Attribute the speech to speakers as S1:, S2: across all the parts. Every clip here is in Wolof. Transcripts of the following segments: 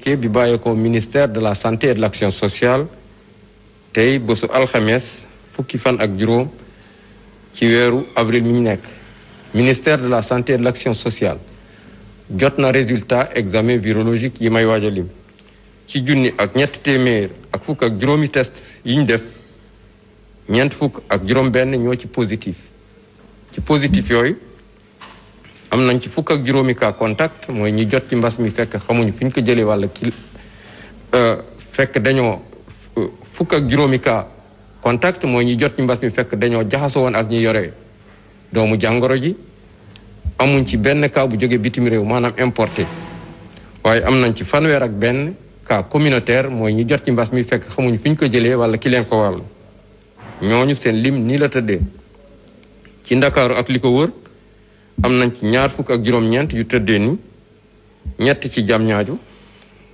S1: communiqué bi bàyyeekoo ministère de la santé de l'action sociale tey bésu alxames fukki fan ak juróom ci weeru avril mi ñu nekk ministère de la santé et de l'action sociale jot na résultat examen virologique yi may waaj a lim ci junni ak ñett téeméer ak fukk ak juróomi test yi ñu def ñeent fukk ak juróom benn ñoo ci positif ci positif yooyu am nañ ci fukk ak juróomi cas contact mooy ñi jot ci mbas mi fekk xamuñu fi ñu ko jëlee walla kii euh, fekk dañoo euh, fukk ak juróomi cas contact mooy ñi jot ci mbas mi fekk dañoo jaxasoo woon ak ñi yore doomu jàngoro ji amuñ ci benn cas bu jóge bitim réew maanaam importé waaye am nañ ci fanweer ak benn cas communautaire mooy ñi jot ci mbas mi fekk xamuñu fi ñu ko jëlee walla ki leen ko wàll ñooñu seen lim nii la tëddee ci Ndakaaru ak li ko wër am nañ ci ñaar fukk ak juróom-ñeent yu tëddee ni ñett ci Diamniadio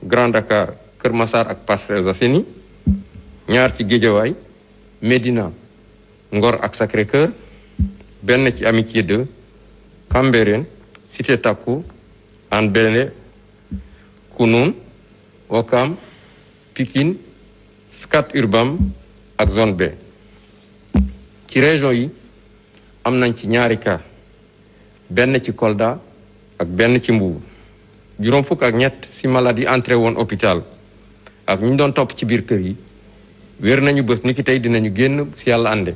S1: Grand Dakar Kër Massar ak Parcelles Assainies ñaar ci Guédiawaye Médina Ngor ak Sacré-Cœur benn ci Amitié 2 Cambérène Cité Takku Hann Bel-Air Kounoune pikin Pikine Scat Urbam ak zone B ci région yi am nañ ci ñaarika benn ci Kolda ak benn ci Mbuur juróom fukk ak malade woon hôpital ak ñu doon topp ci biir kër yi wér nañu bés ni tey dinañu génn si yàlla ànde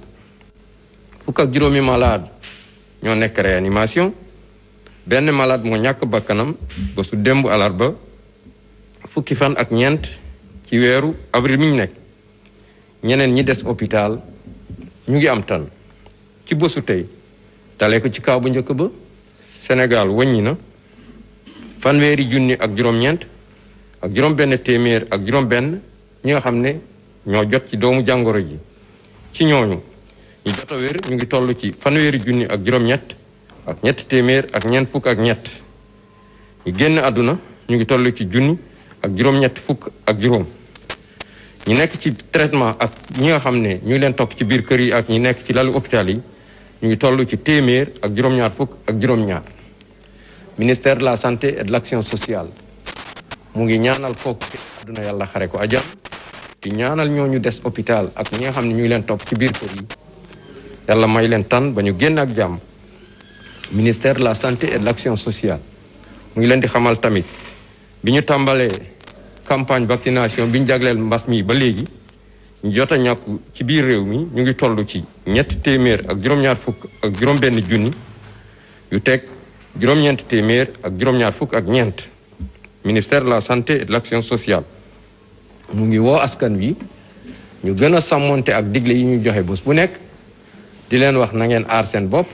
S1: fukk juróomi malade ñoo nekk benn malade moo ñàkk bakkanam ba su démb alarba fukki fan ak ñeent ci weeru avril mi ñu nekk ñeneen ñi des hôpital ñu ngi am tan ci bësu tey dalee ko ci kaw bu njëkk ba Sénégal wàññi na fanweeri junni ak juróom-ñeent ak juróom-benn téeméer ak juróom-benn ñi nga xam ne ñoo jot ci doomu jàngoro ji ci ñooñu ñu jot ñu ngi toll ci fanweeri junni ak juróom-ñett ak ñett téeméer ak ñeent fukk ak ñett génn àdduna ñu ngi toll ci junni ak juróom-ñett fukk ak juróom ñu nekk ci traitement ak ñi nga xam ne ñu leen topp ci biir kër yi ak ñi nekk ci lalu hôpital yi ñu ngi toll ci téeméer ak juróom-ñaar fukk ak juróom-ñaar ministère de la santé et de l'action sociale mu ngi ñaanal kooku àdduna yàlla xare ko ajam di ñaanal ñoo ñu des hôpital ak ñi nga xam ne ñu ngi leen topp ci biir kër yi yàlla may leen tan ba ñu génn ak jàmm ministère de la santé et de l'action sociale mu ngi leen di xamal tamit bi ñu tàmbalee campagne vaccination bi ñu mbas mi ba léegi ñu jot ñàkku ci biir réew mi ñu ngi toll ci ñetti téeméer ak juróom-ñaar fukk ak juróom-benn junni yu teg juróom-ñeent téeméer ak juróom-ñaar fukk ak ñeent ministère de la santé et de l'action sociale mu ngi woo askan wi ñu gën a sàmmonte ak digle yi ñu joxe bos bu nekk di leen wax na ngeen aar seen bopp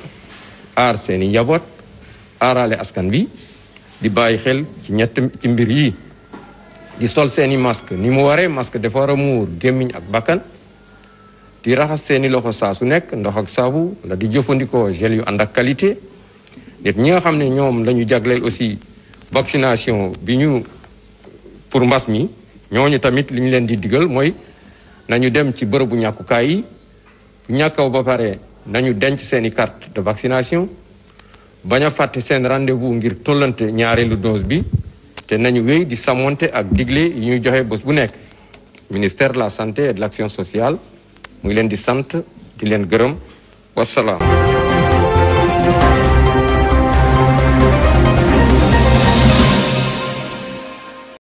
S1: aar seeni i njaboot aarale askan bi di bàyyi xel ci ñett ci mbir yi di sol seeni i masque ni mu waree masque dafa war a muur gémmiñ ak bakkan di raxas seeni loxo saa su nekk ndox ak saabu wala di jëfandikoo gel yu ànd ak qualité léegi ñi nga xam ne ñoom la ñu jagleel aussi vaccination bi ñu pour mbas mi ñooñu tamit li ñu leen di digal mooy nañu dem ci bërëbu ñàkkukaay yi bu ñàkkaw ba pare nañu denc seeni carte de vaccination bañ a fàtte seen rendez-vous ngir tollante ñaareelu dose bi te nañu wéy di samonte ak digle yi ñu joxe bës bu nekk ministère de la santé et de l'action sociale muy leen di sant di leen gërëm wasalaam